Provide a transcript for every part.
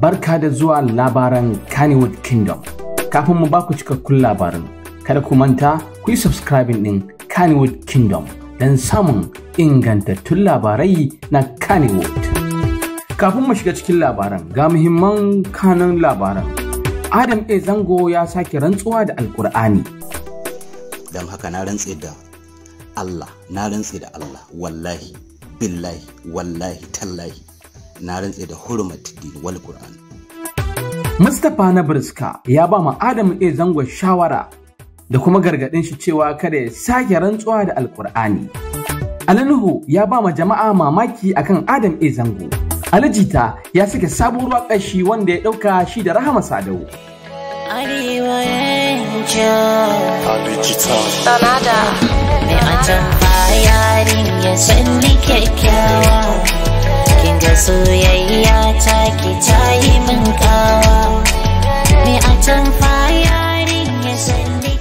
barka da zuwa labaran Kannywood Kingdom. Kafin mu baku cikakkun labarin, kada ku manta ku yi subscribing ɗin Kannywood Kingdom don samun ingantattun labarai na Kannywood. Kafin mu shiga cikin labaran ga muhimman kanan labaran. Adam A. Zango ya sake rantsuwa da Alkur'ani. Don haka na rantse da Allah, na rantse da Allah, wallahi, billahi, wallahi, tallahi. na rantse da hurumatid wal qur'an Mustapha na Burska ya ba mu Adamu A zangon shawara da kuma gargaɗin shi cewa kada ya sake rantsuwa da Al-Ƙur'ani. Alƙur'ani. Alanuhu ya ba ma jama'a mamaki akan Adam A zango. Alijita ya sake sabuwar waƙar wanda ya ɗauka shi da Rahama Sadau. Arewa Alijita. Sanada. Mai ajan bayarin ya sanni kyakkyawa. da soyayya ta ki ta yi min kawa me a can yarin ya sani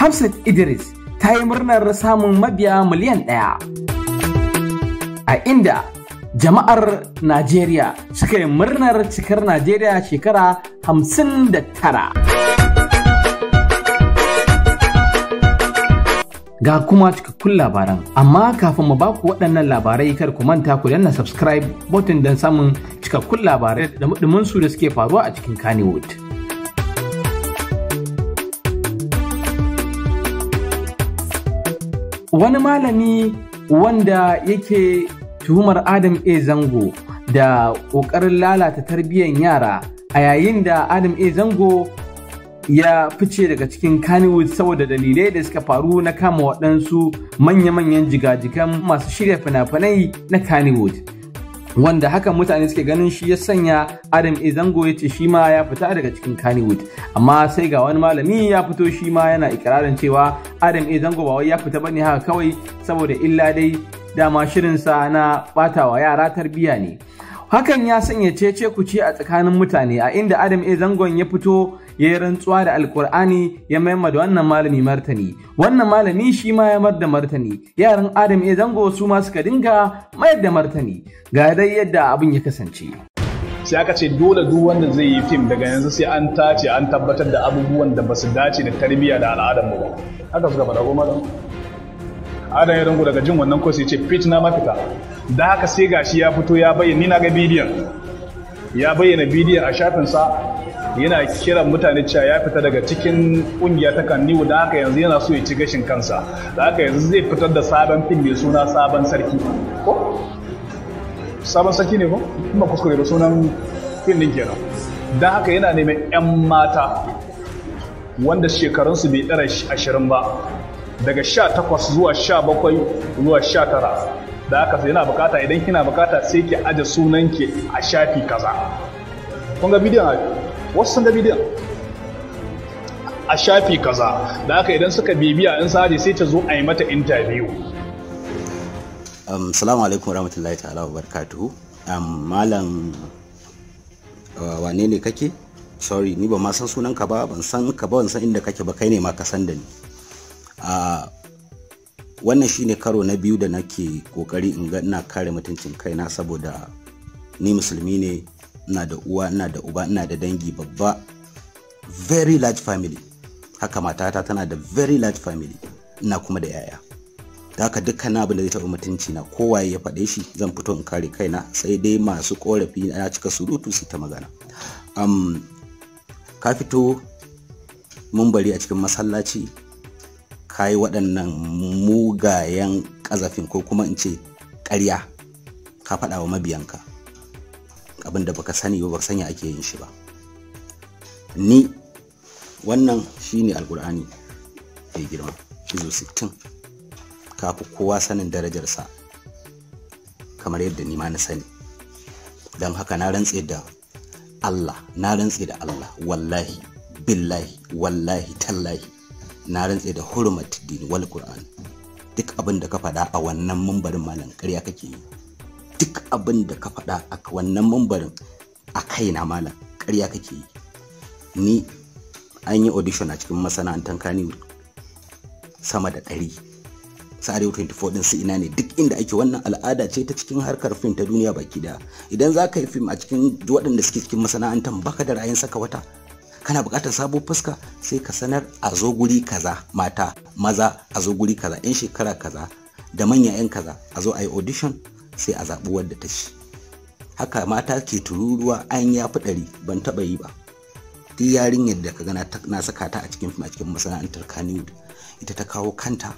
Hamsat Idris ta yi murnar samun mabiya miliyan ɗaya a inda jama'ar Najeriya suka yi murnar cikar Najeriya shekara hamsin da tara. ga kuma cikakkun labaran. Amma kafin mu baku waɗannan labarai kar ku manta ku danna subscribe button don samun cikakkun labarai da mudumin su da suke faruwa a cikin Kannywood. Wani malami wanda yake tuhumar Adam A. Zango da ƙoƙarin lalata tarbiyyar yara a yayin da Adam A. Zango ya fice daga cikin Kannywood saboda dalilai da suka faru na kama waɗansu manya-manyan jigajikan masu shirya fina-finai na Kannywood. Wanda haka mutane suke ganin shi ya sanya Adam Izango ya ce shi ma ya fita daga cikin Kannywood. Amma sai ga wani malami ya fito shi ma yana ikirarin cewa Adam Izango ba wai ya fita bane haka kawai saboda illa dai dama shirinsa na ɓatawa yara tarbiyya ne. Hakan ya sanya ce cece ce a tsakanin mutane a inda Adam A. ya fito ya yi rantsuwa da alkur'ani ya mayar da wannan malami martani wannan malami shi ma ya mayar da martani yaran adam ya zango su ma suka dinga mayar da martani ga dai yadda abin ya kasance sai aka ce dole duk wanda zai yi fim daga yanzu sai an tace an tabbatar da abubuwan da ba su dace da tarbiyya da al'adar mu ba haka suka faɗa ko malam adam ya rungu daga jin wannan ko sai ce fit na mafita da haka sai gashi ya fito ya bayyana ni na ga bidiyon ya bayyana bidiyon a shafinsa yana kiran mutane cewa ya fita daga cikin kungiya ta kanniwu don haka yanzu yana so ya ci gashin kansa da haka yanzu zai fitar da sabon fim mai suna sabon sarki ko sabon sarki ne ko kuma kuskure da sunan fim din kenan don haka yana neman 'yan mata wanda shekarunsu bai ɗara ashirin ba daga sha takwas zuwa sha bakwai zuwa sha tara da haka yana bukata idan kina bukata sai ki aje ki a shafi kaza kun ga bidiyon wasu sun ga bidiyon a shafi kaza da haka idan suka bibiya in sadi sai ta zo a yi mata interview um, salamu alaikum warahmatullahi ta'ala wa barakatuhu barkatu. Um, malam uh, wane ne kake sorry ni ba ma san sunan ka ba ban san ka ba ban san inda kake ba kai ne ma ka san da ni Wannan uh, wannan shine karo na biyu da nake kokari in ga ina kare mutuncin kaina saboda ni musulmi ne ina da uwa ina da uba ina da dangi babba very large family haka matata tana da very large family ina kuma da yaya da haka dukkan abin da zai taɓa mutunci na kowaye ya faɗe shi zan fito in kare kaina sai dai masu korafi na cika surutu su ta magana um, ka fito mun bari a cikin masallaci ka yi waɗannan mugayen ƙazafin ko kuma in ce ƙarya ka faɗa wa mabiyanka abin da baka sani ba baka sanya ake yin shi ba ni wannan shine alkur'ani mai girma izo 60 kafi kowa sanin darajarsa kamar yadda ni ma na sani don haka na rantse da Allah na rantse da Allah wallahi billahi wallahi tallahi na rantse da hurmat din wal duk abin da ka faɗa a wannan mambarin malam ƙarya kake yi duk abin da ka faɗa a wannan mambarin a kaina malam ƙarya kake yi ni an yi audition a cikin masana'antar kaniwood sama da ɗari sare 24 din su ina ne duk inda ake wannan al'ada ce ta cikin harkar fim ta duniya baki daya idan za ka yi fim a cikin waɗanda suke cikin masana'antar baka da ra'ayin saka wata kana bukatar sabo fuska sai ka sanar a zo guri kaza mata maza a zo guri kaza yan shekara kaza da manya yan kaza a zo a yi audition sai a zaɓi wadda ta shi haka mata ke tururuwa an ya fi ɗari ban taɓa yi ba duk yarinyar da ka gana na saka ta a cikin fim a cikin masana'antar kaniwood ita ta kawo kanta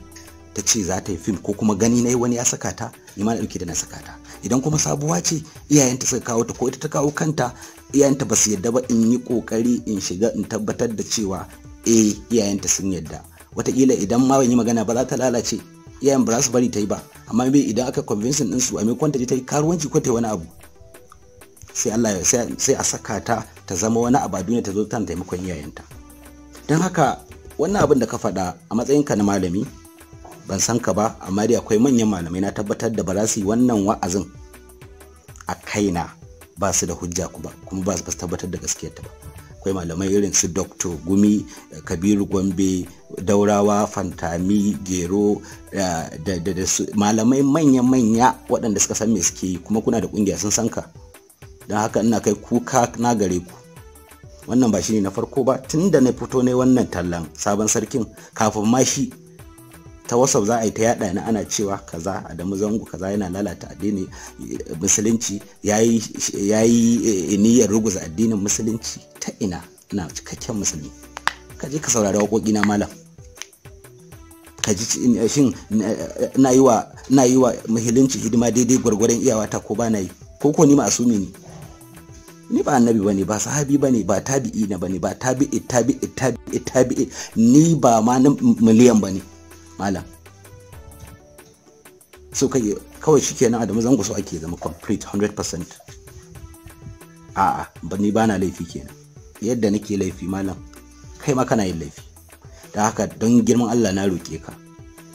ta ce za ta yi fim ko kuma gani na wani ya saka ta ni na ɗauke da na saka ta idan kuma sabuwa ce iyayenta suka kawo ta ko ita ta kawo kanta iyayenta ba su yadda ba in yi ƙoƙari in shiga in tabbatar da cewa eh iyayenta sun yadda wataƙila idan ma ban yi magana ba za ta lalace iyayen ba za su bari ta yi ba amma bai idan aka convincing din su a mai ta ta yi karuwanci ko ta yi wani abu sai Allah sai a saka ta ta zama wani abu a duniya ta zo ta taimakon iyayenta don haka wannan abin da ka faɗa a matsayinka na malami ban san ka ba amma dai akwai manyan malamai na tabbatar da ba su yi wannan wa'azin a kaina ba su da hujja kuma ba su tabbatar da gaskiyarta ba akwai malamai irin su dr gumi kabiru gombe daurawa fantami gero eh, da su malamai manya-manya waɗanda suka san me suke yi kuma kuna da ƙungiya sun ka don haka ina kai kuka na gare ku wannan ba shi ne na farko ba tun da na fito ne wannan tallan sabon sarkin kafin ma shi ta wasau za a yi ta yada ni ana cewa kaza adamu zango kaza yana lalata addini musulunci ya yi eh, niyyar ruguza addinin musulunci ta ina na cikakken musulmi ka je ka saurari waƙoƙi na malam ka ji eh, shin eh, na yi wa na yi wa muhilinci hidima daidai gwargwaron iyawata ko ba na yi ko ko ni ma'asumi ne ni ba annabi bane ba sahabi bane ba tabi'i na bane ba tabi'i tabi'i tabi'i tabi'i ni ba ma miliyan bane malam so kai kawai nan Adamu zango so ake zama complete 100% a'a ba ni bana laifi kenan yadda nake laifi malam kai ma kana yin laifi da haka don girman Allah na roƙe ka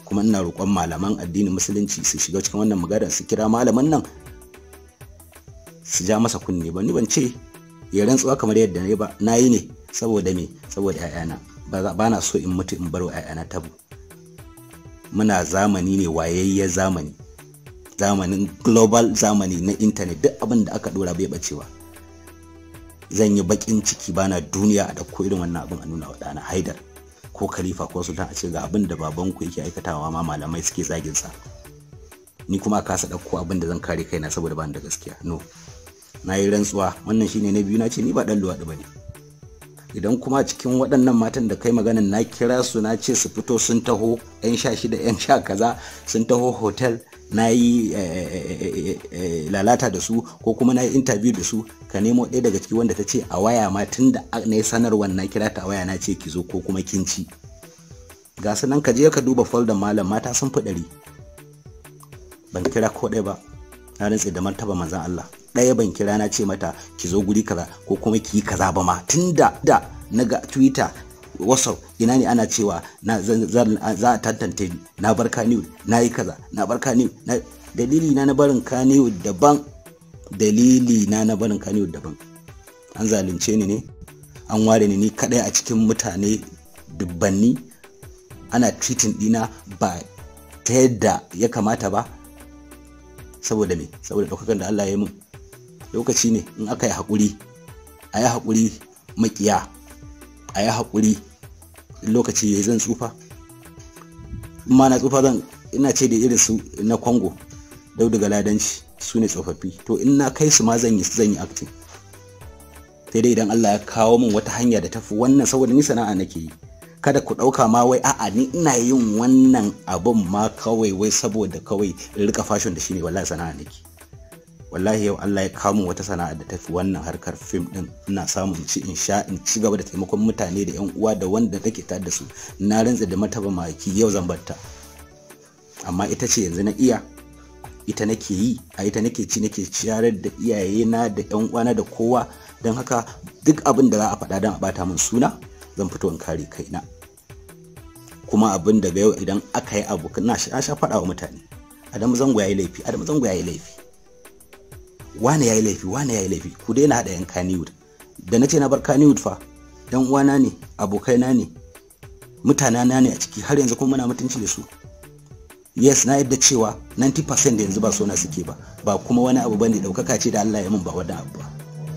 kuma ina roƙon malaman addinin musulunci su shiga cikin wannan magana su kira malaman nan su ja masa kunne ba ni ban ce ya rantsuwa kamar yadda na yi ba na yi ne saboda me saboda 'ya'yana ba na so in mutu in baro 'ya'yana tabu muna zamani ne wayayya zamani zamanin global zamani na intanet duk abin da aka dora bai bacewa zan yi bakin ciki bana duniya a dauko irin wannan abin a nuna wa ɗana haidar ko khalifa ko sultan a ce ga abin da babanku yake aikatawa ma malamai suke zagin sa ni kuma a kasa ɗauko abin da zan kare kaina saboda bani da gaskiya no na yi rantsuwa wannan shine na biyu na ce ni ba dan luwaɗi ba ne idan kuma cikin waɗannan matan da kai maganin na kira su na ce su fito sun taho 'yan sha shida 'yan sha kaza sun taho hotel na yi eh, eh, eh, lalata da su ko kuma na yi interview da su ka nemo ɗaya daga ciki wanda ta ce a waya ma tun da na yi sanarwar na kira ta waya na ce ki zo ko kuma kin ci ga su nan ka je ka duba folder malam mata sun fi ɗari ban kira ko ɗaya ba na rantse da martaba manzan Allah ɗaya ban kira na ce mata ki zo guri kaza ko kuma ki yi kaza ba ma tunda da na ga twitter wasau ina ne ana cewa za a tantance na bar kaniyu na yi kaza na bar kaniyu. dalili na na barin kaniyu daban dalili na na barin kaniyu daban an zalunce ni ne an ware ni ni kadai a cikin mutane dubbanni ana treating dina ba ta yadda ya kamata ba saboda me saboda ɗaukakan da Allah ya yi mun lokaci ne in aka yi haƙuri a yi haƙuri makiya a yi haƙuri lokaci ya zan tsufa in ma na tsufa zan ina ce da irin su na kwango daudu ga ladanci su ne tsofaffi to in na kai su ma zan yi zan yi acting sai dai idan Allah ya kawo min wata hanya da tafi wannan saboda ni sana'a nake yi kada ku ɗauka ma wai a'a ni ina yin wannan abun ma kawai wai saboda kawai in rika fashon da shi ne wallahi sana'a nake wallahi yau Allah ya kama wata sana'a da tafi wannan harkar fim din ina samun ci in sha in ci gaba da taimakon mutane da yan uwa da wanda take tare da su na rantsa da mataba maki yau zan batta amma ita ce yanzu na iya ita nake yi a ita nake ci nake ciyarar da iyayena da yan uwa na da kowa don haka duk abin da za a faɗa don a bata min suna zan fito in kare kaina kuma abin da ga yau idan aka yi abu na sha faɗa wa mutane adamu zango ya yi laifi adamu zango ya yi laifi wane yayi laifi wane yayi laifi ku daina haɗa yan kaniwood da na ce na bar kaniwood fa dan uwana ne abokaina ne mutanana ne a ciki har yanzu kuma muna mutunci da su yes na yadda cewa 90% da yanzu ba sona suke ba ba kuma wani abu bane daukaka ce da Allah ya mun ba wani abu ba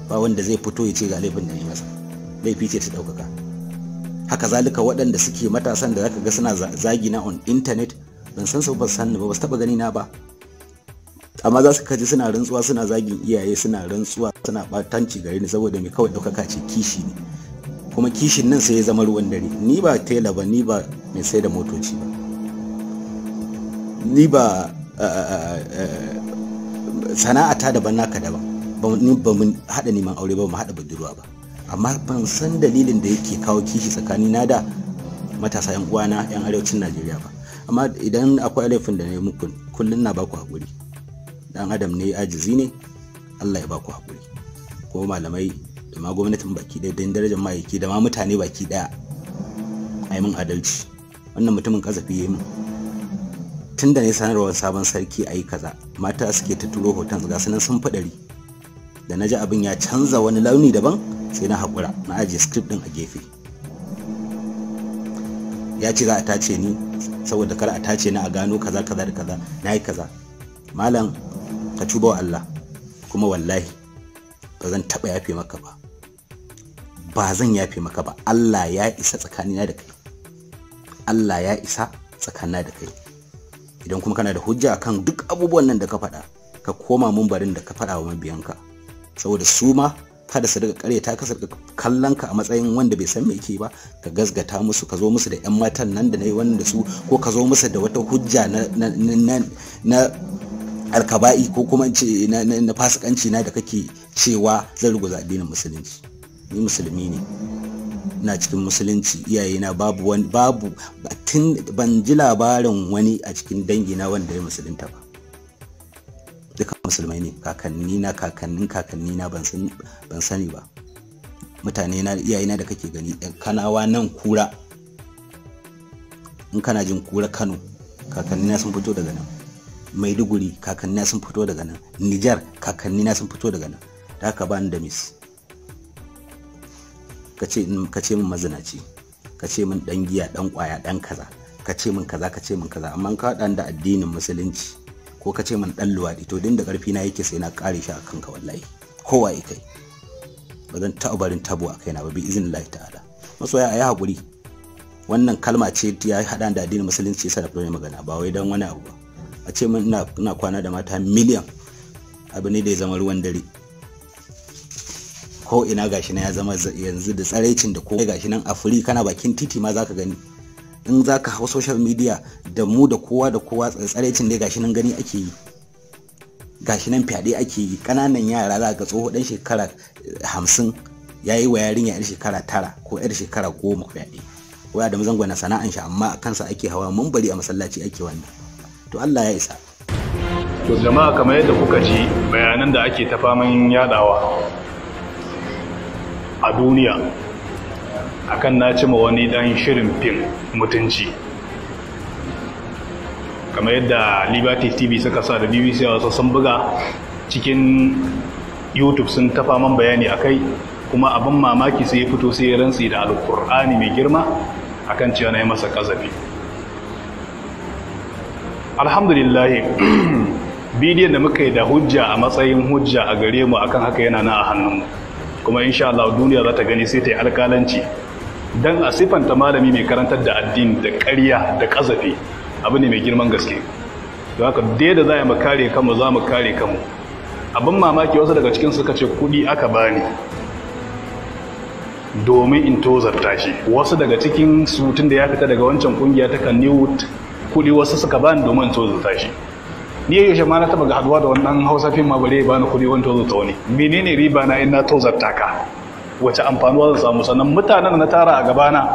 ba wanda zai fito ya ce ga laifin da ni masa laifi ce ta daukaka haka zalika waɗanda suke matasan da zaka ga suna zagi na on internet ban san su ba san ba ba su taba gani na ba amma za su kaji suna rantsuwa suna zagin iyaye suna rantsuwa suna batanci gare ni saboda mai kawai ɗaukaka ce kishi ne kuma kishin nan sai ya zama ruwan dare ni ba tela ba ni ba mai sai da motoci ba ni ba eh, eh, eh, sana'ata daban naka daban ba mun haɗa neman aure ba mu haɗa budurwa ba amma ban san dalilin da yake kawo kishi tsakani na da matasa 'yan uwana 'yan arewacin najeriya ba amma idan akwai laifin da na yi muku kullum na baku haƙuri dan adam ne ajizi ne Allah ya baku hakuri ko malamai da ma gwamnatin baki ɗaya da darajar ma'aiki da ma mutane baki ɗaya a min adalci wannan mutumin kazafi ya yi tunda tun da ne sanarwar sabon sarki a yi kaza mata suke ta turo hoton ga sunan sun faɗari da na ji abin ya canza wani launi daban sai na haƙura na ajiye script ɗin a gefe ya ce za a tace ni saboda kar a tace ni a gano kaza kaza da kaza na yi kaza malam ka tuba wa Allah kuma wallahi ba zan taɓa yafe maka ba ba zan yafe maka ba Allah ya isa tsakanina da kai Allah ya isa tsakanina da kai idan kuma kana da hujja kan duk abubuwan nan da ka faɗa ka koma mun barin da ka faɗa wa ka saboda su ma kada su daga kare ta kasar kallon ka a matsayin wanda bai san me yake ba ka gasgata musu ka zo musu da yan matan nan da nayi wannan da su ko ka zo musu da wata hujja na alkaba'i ko kuma ce na fasikanci na da kake cewa zan ruguza addinin musulunci ni musulmi ne na cikin musulunci iyayena babu wani babu tun ban ji labarin wani a cikin dangi na wanda ya musulunta ba duka musulmai ne kakanni na kakannin kakanni na ban sani ba mutane na iyayena da kake gani kanawa nan kura in kana jin kura kano kakanni na sun fito daga nan maiduguri kakanni sun fito daga nan nijar kakanni na sun fito daga nan da haka ba ni da mis ka ce min mazinaci ka ce min dan giya dan kwaya dan kaza ka ce min kaza ka ce min kaza amma ka haɗa da addinin musulunci ko ka ce min dan luwaɗi to din da ƙarfi na yake sai na kare shi a ka wallahi kowa ya kai ba zan taɓa barin tabo a kaina ba bi izinin lahi ta'ala masoya a yi haƙuri wannan kalma ce ya haɗa da addinin musulunci sai da magana ba wai dan wani abu ba a ce min ina kwana da mata miliyan abu ne da ya zama ruwan dare ko ina gashi na ya zama yanzu da tsaraicin da ko gashi nan a furi kana bakin titi ma zaka gani in zaka hau social media da mu da kowa da kowa tsaraicin da gashi nan gani ake yi gashi nan fyaɗe ake yi ƙananan yara za ga tsoho ɗan shekara hamsin ya yi wa yarinya yar shekara tara ko yar shekara goma fyaɗe waya da mazangwana sana'an shi amma a kansa ake hawa mun bari a masallaci ake wannan to Allah ya isa to jama'a kamar yadda kuka ji bayanan da ake ta faman yadawa a duniya akan na cima wani dan shirin fim mutunci kamar yadda liberty tv suka sa da bbc a wasu sun buga cikin youtube sun tafa man bayani a kai kuma abin mamaki sai ya fito sai ya rantsi da alkur'ani mai girma akan cewa na yi masa kazafi Alhamdulillahi, bidiyon da muka yi da hujja a matsayin hujja a gare mu akan haka yana na a hannunmu kuma insha Allah duniya za ta gani sai ta yi alkalanci don a siffanta malami mai karantar da addini da ƙarya da ƙazafi abu ne mai girman gaske don haka da za mu kare kanmu za mu kare kanmu abin mamaki wasu daga cikin suka ce kuɗi aka bani domin in tozarta shi wasu daga cikin sutun da ya fita daga wancan kungiya ta kan newt kuɗi wasu suka bani domin tozo ta shi ni yaushe ma na taba ga haduwa da wannan hausa fim ma bare bani kuɗi wani tozo ta wani menene riba na in na to ka wace amfanuwa zan samu sannan mutanen na tara a gabana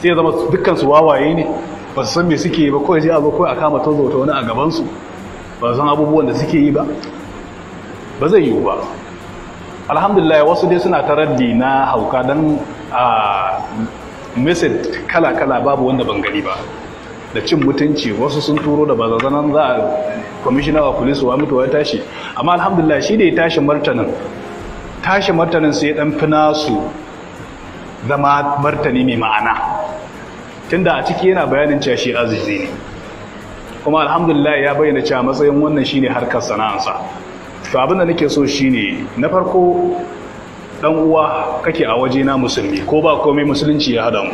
sai ya zama dukkan su wawaye ne ba su san me suke yi ba kawai sai a zo kawai a kama tozo ta wani a gaban su ba san abubuwan da suke yi ba ba zai yiwu ba alhamdulillah wasu dai suna da na hauka don a ah, message kala-kala babu wanda ban gani ba da cin mutunci wasu sun turo da bazazanan za a kwamishina wa wa mutuwa ya tashi amma alhamdulillah shi da ya tashi martanin tashi martanin sai ya dan fi nasu zama martani mai ma'ana tunda a ciki yana bayanin cewa shi azizi ne kuma alhamdulillah ya bayyana cewa matsayin wannan shine harkar sana'ansa to abin da nake so shine na farko dan uwa kake a waje na musulmi ko ba komai musulunci ya hada mu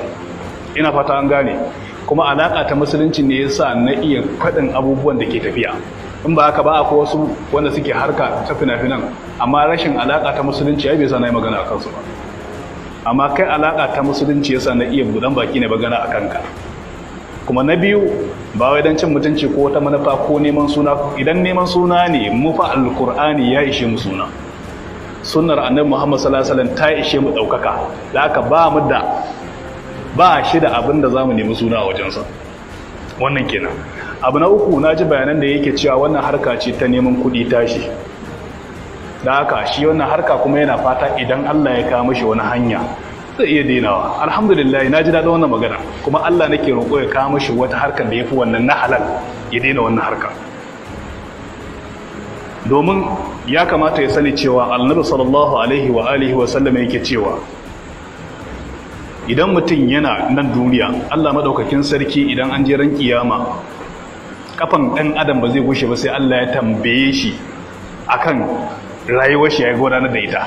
ina fata an gane kuma alaƙa ta musulunci ne yasa na iya faɗin abubuwan da ke tafiya in ba haka ba a wasu wanda suke harka ta fina-finan amma rashin alaƙa ta musulunci ya bai sa na yi magana a kansu ba amma kai alaƙa ta musulunci yasa na iya buɗan baki ne magana a kanka kuma na biyu ba wai don cin mutunci ko wata manufa ko neman suna idan neman suna ne mu fa alkur'ani ya ishe mu suna sunnar annabi muhammad sallallahu alaihi wasallam ta ishe mu ɗaukaka da aka ba mu da ba shi da abin da za mu nemi suna a wajensa wannan kenan abu na uku na ji bayanan da yake cewa wannan harka ce ta neman kuɗi tashi da haka shi wannan harka kuma yana fata idan Allah ya kawo mashi wani hanya zai iya dainawa alhamdulillah na ji daɗin wannan magana kuma Allah nake roƙo ya kawo mashi wata harkar da ya fi wannan na halal ya dena wannan harka domin ya kamata ya sani cewa annabi sallallahu alaihi wa alihi wa sallam yake cewa idan mutum yana nan duniya Allah madaukakin sarki idan an je ran kiyama kafan dan adam ba zai gushe ba sai Allah ya tambaye shi akan rayuwar shi ya gudanar da ita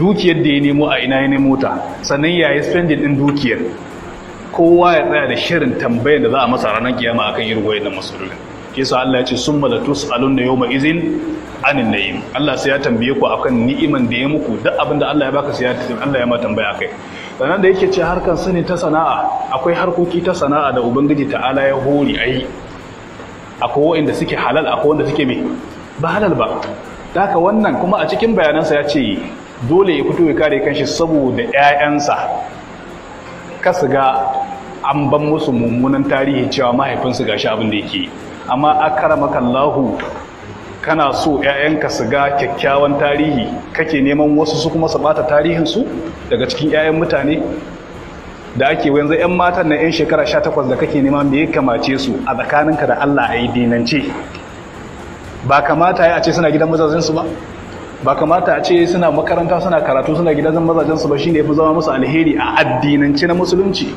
dukiyar da ya nemo a ina ya nemo ta sannan ya yi spending din dukiyar kowa ya tsaya da shirin tambayar da za a masa ranar kiyama akan irin wayannan Ke sa Allah ya ce sun malatu alun da yau ma'izin anin na Allah sai ya tambaye ku akan ni'iman da ya muku duk abin da Allah ya baka sai Allah ya ma tambaya kai sannan da yake ce harkan sani ta sana'a akwai harkoki ta sana'a da ubangiji ta'ala ya hori a yi akwai wa'inda suke halal akwai wanda suke mai ba halal ba da haka wannan kuma a cikin bayanansa ya ce dole ya fito ya kare kanshi saboda 'ya'yansa su ga an ban musu mummunan tarihi cewa mahaifinsu gashi abin da yake amma akaramakallahu kana so 'ya'yanka su ga kyakkyawan tarihi kake neman wasu su kuma su bata tarihinsu daga cikin 'ya'yan mutane da ake yanzu 'yan matan na 'yan shekara 18 da kake nema me ya kamace su a tsakaninka da Allah a yi dinance ba kamata ya ce suna gidan mazajensu ba ba kamata a ce suna makaranta suna karatu suna gidan mazajensu ba shine ya fi zama musu alheri a addinance na musulunci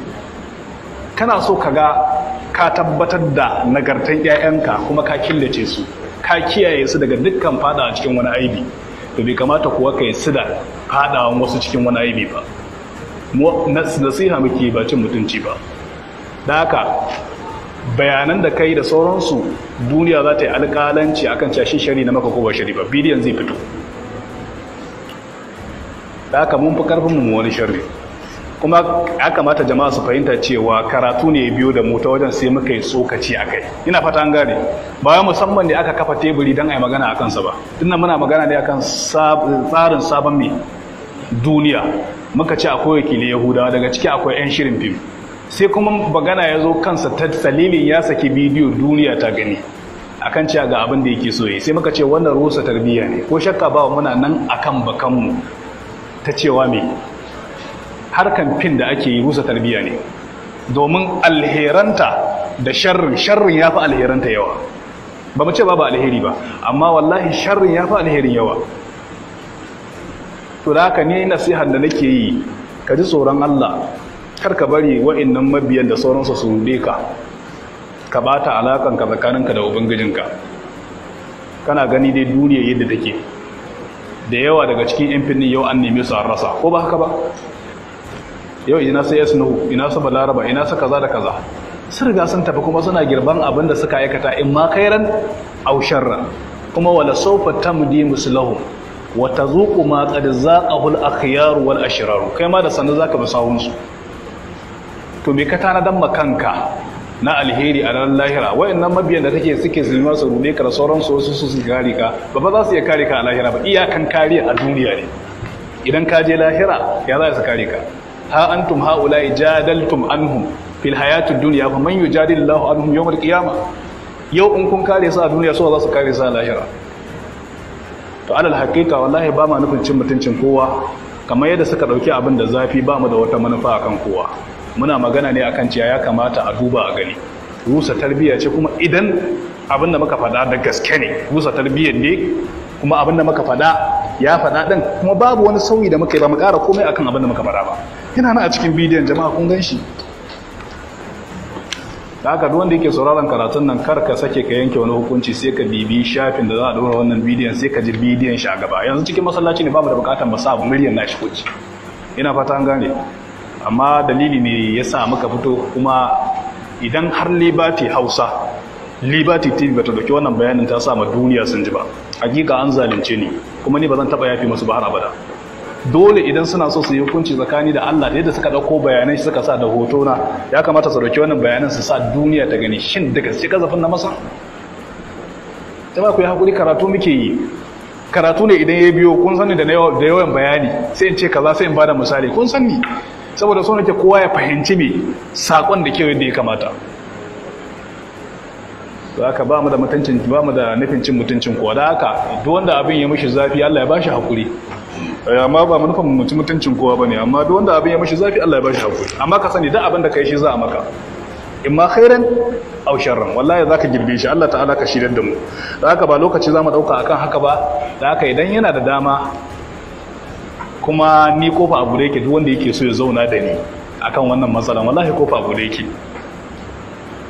kana so ka ga ka tabbatar da nagartan 'ya'yanka kuma ka killace su ka kiyaye su daga dukkan fada cikin wani aibi to bai kamata kuwa ka yi su da fadawan wasu cikin wani aibi ba nasiha muke ba cin mutunci ba da haka bayanan da kai da sauransu duniya za ta yi alƙalanci akan cashe shari na maka ko shari ba bidiyon zai fito da haka mun fi karfin mu wani shari kuma ya kamata jama'a su fahimta cewa karatu ne ya biyo da mota wajen sai muka yi tsokaci a kai ina fata an gane ba musamman ne aka kafa teburi don a yi magana a kansa ba tunda muna magana ne akan tsarin sabon mai duniya muka ce akwai wakili ya yahudawa daga ciki akwai 'yan shirin fim sai kuma magana ya zo kansa ta salilin ya saki bidiyo duniya ta gani akan cewa ga abin da yake so yi sai muka ce wannan rusa tarbiyya ne ko shakka ba muna nan akan bakanmu ta cewa me harkan fin da ake yi rusa tarbiyya ne domin alheranta da sharrin sharrin ya fi alheranta yawa ba mu ba ba alheri ba amma wallahi sharrin ya fi alherin yawa to da haka ne nasihar da nake yi ka ji tsoron Allah kar ka bari wa'annan mabiyan da sauransu su rude ka ka bata alakan ka tsakaninka da ubangijinka kana gani dai duniya yadda take da yawa daga cikin yan finnin yau an neme su an rasa ko ba haka ba yau ina sai yasnu ina su balaraba ina su kaza da kaza sun riga sun tafi kuma suna girban abin da suka aikata in ma kairan aw sharran kuma wala sawfa tamdi muslahu wa tazuqu ma qad zaqahu al akhyar wal ashrar kai ma da sanin zaka bi su to me ka tana dan makanka na alheri a ranar lahira wayannan mabiyan da take suke zulma su rume ka da sauransu wasu su su kare ka ba ba za su iya kare ka a lahira ba iyakan kariya a duniya ne idan ka je lahira ya za su kare ka ha antum haula'i jadaltum anhum fil hayatid dunya fa man anhum yawm al-qiyamah yau in kun kare su a duniya su za su kare su a lahira to alal haqiqa wallahi ba ma nufin cin mutuncin kowa kamar yadda suka dauki abin da zafi ba mu da wata manufa akan kowa muna magana ne akan ciya ya kamata a duba a gani rusa tarbiyya ce kuma idan abin da muka faɗa da gaske ne rusa tarbiyyar ne kuma abin da muka faɗa ya faɗa ɗin kuma babu wani sauyi da muka yi ba mu ƙara komai akan abin da muka faɗa ba yana nan a cikin bidiyon jama'a kun gan shi da aka duwanda wanda yake sauraron karatun nan kar ka sake ka yanke wani hukunci sai ka bibi shafin da za a ɗora wannan bidiyon sai ka ji bidiyon shi a gaba yanzu cikin masallaci ne babu da buƙatar masu abu miliyan na shi kuci ina fata an gane amma dalili ne ya sa muka fito kuma idan har liberty hausa liberty tv bata dauki wannan bayanin ta sa ma duniya sun ji ba hakika an zalunce ni kuma ni ba zan taba yafi musu ba har abada dole idan suna so su yi hukunci tsakani da Allah da yadda suka dauko bayanai suka sa da hoto na ya kamata su dauki wannan bayanan su sa duniya ta gani shin da ka kazafin na masa ba ku yi hakuri karatu muke yi karatu ne idan ya biyo kun sani da yawan bayani sai in ce kaza sai in bada misali kun sani saboda so nake kowa ya fahimci me sakon da ke yadda ya kamata to haka ba mu da mutuncin ba mu da nufin cin mutuncin kuwa. da haka duk wanda abin ya mishi zafi Allah ya bashi hakuri eh, amma ba mu nufin mutuncin kowa bane amma duk wanda abin ya mishi zafi Allah ya bashi hakuri amma ka sani duk abin da kai shi za a maka imma khairan aw sharran wallahi zaka girbe shi Allah ta'ala ka shirye da mu da haka ba lokaci zamu dauka akan haka ba da haka idan yana da dama kuma ni kofa abu da yake duk wanda yake so ya zauna da ni akan wannan matsalan wallahi kofa abu da yake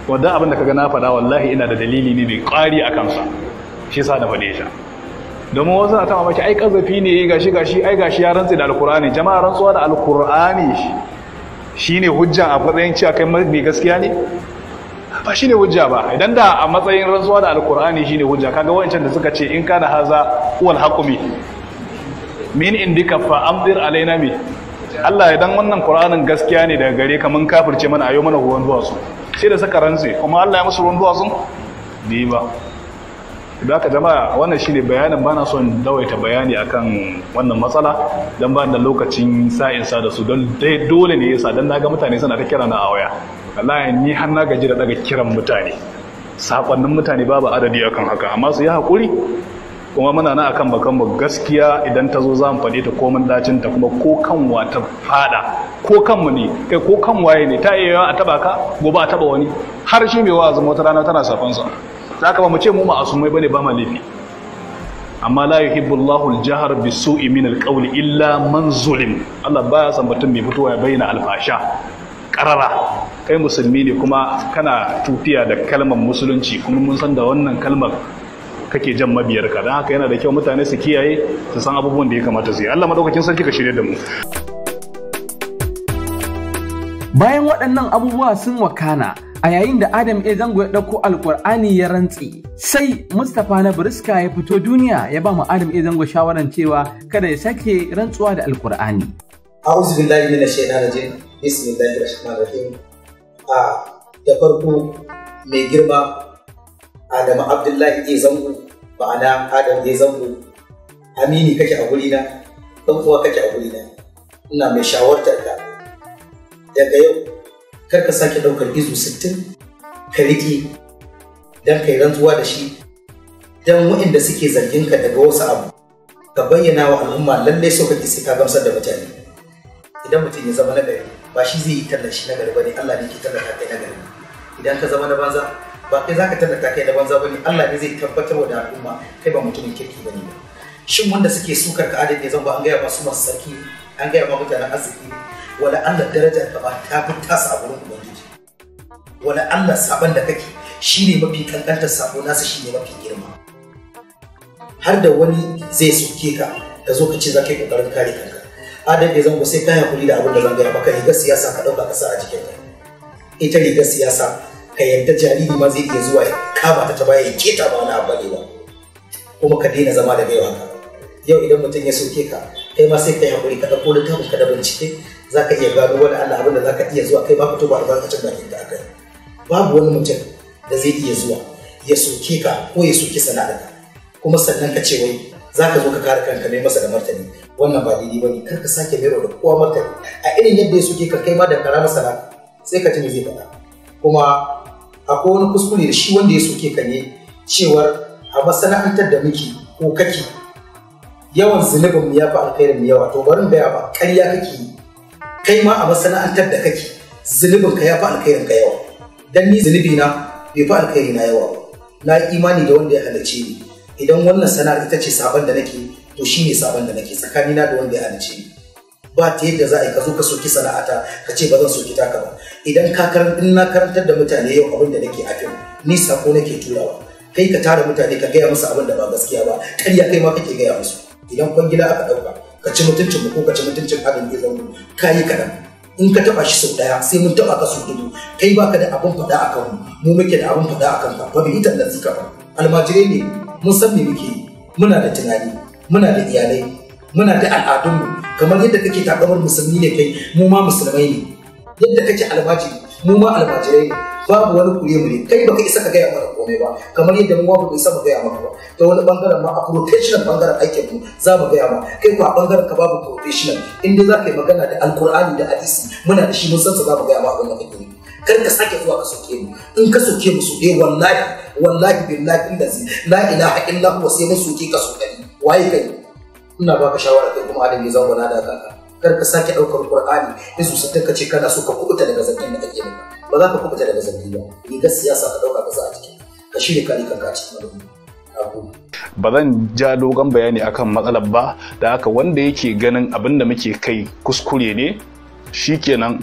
wadda abinda abin da kaga na faɗa wallahi ina da dalili ne mai ƙwari a kansa shi sa da faɗe shi domin wasu na ta maki ai ƙazafi ne gashi gashi ai gashi ya rantse da alkur'ani jama'a rantsuwa da alkur'ani shine hujja a ci a kai mai gaskiya ne ba shi ne hujja ba idan da a matsayin rantsuwa da alkur'ani shine hujja kaga wancan da suka ce in kana haza wal haƙumi min indika fa amdir alaina mi Allah idan wannan Qur'anin gaskiya ne daga gare ka mun kafirce mana ayo mana huwan zuwa su sai da suka rantse kuma Allah ya musu ruwan duwatsun ne ba da aka jama'a wannan shine bayanin bana son dawaita bayani akan wannan matsala don ba da lokacin sa'in sa da su don dai dole ne yasa dan naga mutane suna ta kira na a waya wallahi ni har na gaji da daga kiran mutane saƙonnin mutane babu adadi akan haka amma su yi hakuri kuma muna nan akan bakan mu gaskiya idan ta zo za mu faɗe ta komin dacin ta kuma ko kanwa ta fada ko kanmu ne kai ko kan waye ne ta iya a taba ka gobe a taba wani har shi mai wa'azin wata rana tana safan sa zaka ba mu ce mu ma asumai bane ba malifi amma la yuhibbullahu al-jahr bisu'i min al illa man zulim Allah baya san mutum mai fitowa ya bayyana alfasha karara kai musulmi ne kuma kana tufiya da kalmar musulunci kuma mun san da wannan kalmar kake jan mabiyarka don haka yana da kyau mutane su kiyaye su san abubuwan da ya kamata su yi Allah madaukakin sarki ka shirye da mu bayan waɗannan abubuwa sun wakana a yayin da Adam ya Zango ya ɗauko alkur'ani ya rantsi, Sai Mustapha na briska ya fito duniya ya ba mu Adam ya Zango shawaran cewa kada ya sake rantsuwa da alkur'ani A'udhu billahi minash shaitanir rajim. Bismillahir rahmanir rahim. Ah, da farko mai girma Adamu Abdullahi ke zango ma'ana Adam ya zango amini kake a gurina ɗan uwa kake a gurina ina mai shawartar ka daga yau kar ka sake ɗaukar gizo sittin ka riƙe don kai rantsuwa da shi don waɗanda suke zargin ka daga wasu abu ka bayyana wa al'umma lallai so kake sai ka gamsar da mutane idan mutum ya zama nagari ba shi zai yi tallashi nagari ba ne Allah ne ke tallata kai nagari idan ka zama na banza ba kai zaka tallata kai da banza bane Allah ne zai tabbatar da al'umma kai ba mutumin kirki bane ba shin wanda suke sukar ka adalci zan ba an gaya masu masu sarki an gaya ma mutanen arziki wala Allah darajar ka ba ta fi tasa a gurin ubangiji wala Allah saban da kake shine mafi kankantar sabo nasa shine mafi girma har da wani zai soke ka ka zo ka ce za ka yi kokarin kare kanka adalci zango sai ka hakuri da abin da zan gaya maka rigar siyasa ka dauka ka sa a jikin ka ita rigar siyasa ka yadda jariri ma zai iya zuwa ya kama ta ta baya ya keta ba wani abu ba kuma ka daina zama da baiwa ka yau idan mutum ya soke ka kai ma sai ka yi hakuri ka ko littafin ka da bincike za ka iya gano wani Allah abin da za ka iya zuwa kai ba fito ba albarkacin bakin da aka babu wani mutum da zai iya zuwa ya soke ka ko ya soke ka kuma sannan ka ce wai za ka zo ka kare kanka ne masa da martani wannan ba daidai bane kar ka sake mero da kowa martani a irin yadda ya soke ka kai ma da kara masa sai ka ni zai faɗa kuma akwai wani kuskure da shi wanda ya soke ka ne cewar a masana'antar da muke ko kake yawan zunubin ya fi alkhairin mu yawa to barin baya ba ƙarya kake yi kai ma a masana'antar da kake zunubin ka ya fi alkhairin ka yawa dan ni zunubi na bai fi alkhairi na yawa na imani da wanda ya halarci ni idan wannan sana'ar ita ce sabon da nake to shine sabon da nake tsakanina da wanda ya halarci ni ba ta yadda za a yi ka zo ka soki sana'ata ka ce ba zan soki taka ba idan ka karanta na karantar da mutane yau abin da nake a fim ni sako nake turawa kai ka tara mutane ka gaya musu abin da ba gaskiya ba ƙarya kai ma kake gaya musu idan kwangila aka ɗauka ka ci mutuncin mu ko ka ci mutuncin adam ya ka yi kaɗan in ka taba shi sau ɗaya sai mun taba ka su dubu kai baka da abin faɗa a mu mu muke da abin faɗa a ka, ba bi da zika ba almajirai ne mun san me muke muna da tunani muna da iyalai muna da al'adunmu kamar yadda kake takamar musulmi ne kai mu ma musulmai ne yadda kake almajiri mu ma almajirai ne babu wani kure mu ne kai baka isa ka gaya mana komai ba kamar yadda mu babu isa mu gaya maka ba to wani bangaren ma a professional bangaren aikin mu za mu gaya ma kai ko a bangaren ka babu professional inda dai za ka yi magana da alkur'ani da hadisi muna da shi mun san sa za mu gaya ma abin kake kar ka sake zuwa ka soke mu in ka soke mu soke wallahi wallahi billahi allazi la ilaha illa huwa sai mun soke ka soke waye kai ina baka shawara kai kuma adam ya na da kanka kar ka sake daukar qur'ani ya su sun ka ce kana so ka kubuta daga zargin da kake maka ba za ka kubuta daga zargi ba ni ga siyasa ka ɗauka ka sa a ciki ka shirya kare rika a cikin ba zan ja dogon bayani akan matsalar ba da haka wanda yake ganin abin da muke kai kuskure ne shikenan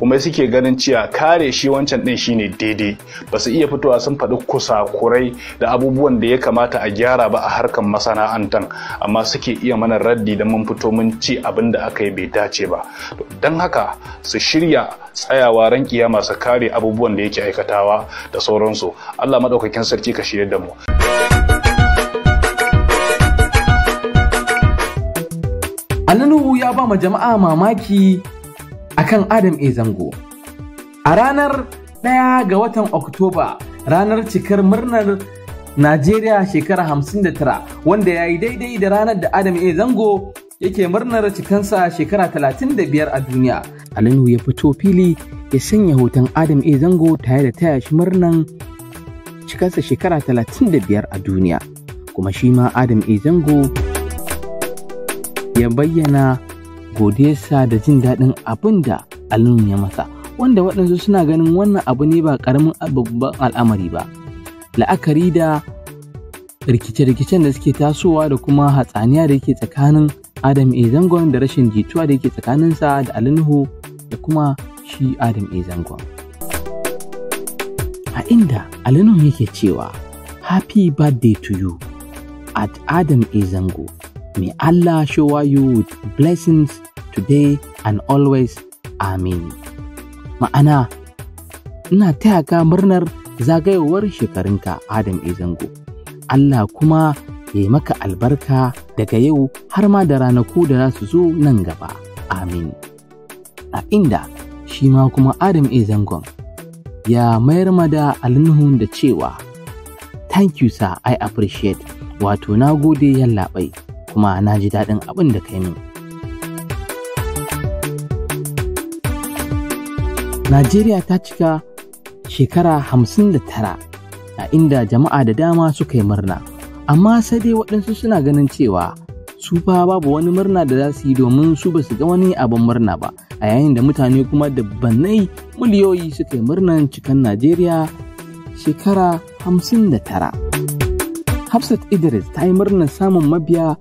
kuma suke ganin cewa kare shi wancan din shine daidai ba su iya fitowa sun faɗi kusa kurai da abubuwan da ya kamata a gyara ba a harkar masana'antan amma suke iya mana raddi da mun fito mun ci abin da aka yi bai dace ba don haka su shirya tsayawa ran kiyama su kare abubuwan da yake aikatawa da sauransu Allah madaukakin sarki ka shirya da mu nuhu ya ba ma jama'a mamaki akan Adam A. Zango. A ranar ɗaya ga watan Oktoba ranar cikar murnar Najeriya shekara 59 wanda ya yi daidai da ranar da Adam A. Zango yake murnar cikansa shekara 35 a duniya. Alinu ya fito fili ya sanya hoton Adam A. Zango tare da taya shi murnan cikansa shekara 35 a duniya. Kuma shi ma Adam A. Zango ya bayyana godiyarsa da jin daɗin abin da alun ya masa wanda waɗansu suna ganin wannan abu ne ba ƙaramin babban al'amari ba la'akari da rikice-rikicen da suke tasowa da kuma hatsaniya da yake tsakanin adam e zangon da rashin jituwa da yake tsakaninsa da alunhu da kuma shi adam e zangon a inda alunhu yake cewa happy birthday to you at adam e zango may allah show you with blessings today and always amin ma'ana ina taya ka murnar zagayowar shekarunka adam izango allah kuma ya yi maka albarka daga yau har ma da ranaku da za su zo nan gaba amin a inda shi ma kuma adam izangon ya mayar ma da alnuhun da cewa thank you sir i appreciate wato na gode yallaɓai kuma na ji daɗin abin da kai min Najeriya ta cika shekara hamsin da tara a inda jama'a da dama suka yi murna. Amma sai dai waɗansu suna ganin cewa su fa babu wani murna da za su yi domin su ba su ga wani abin murna ba a yayin da mutane kuma da banai miliyoyi suka yi murnan cikan Najeriya shekara hamsin da tara. Hafsat Idris ta yi murnar samun mabiya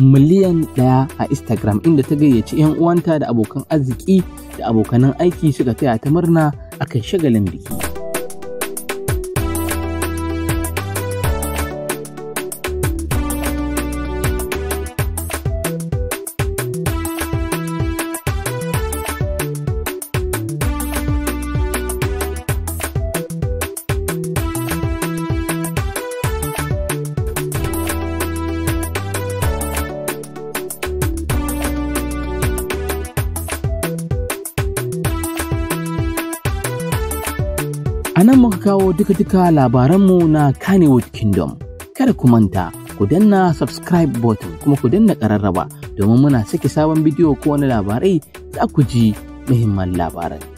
miliyan ɗaya a Instagram inda ta gayyaci 'yan uwanta da abokan arziki da abokanan aiki suka taya ta murna akan shagalin biki. duka-duka labaranmu na Kannywood Kingdom. Kada ku manta, ku danna subscribe button kuma ku danna ƙararraba domin muna sake sabon bidiyo ko wani labarai za ku ji muhimman labarai.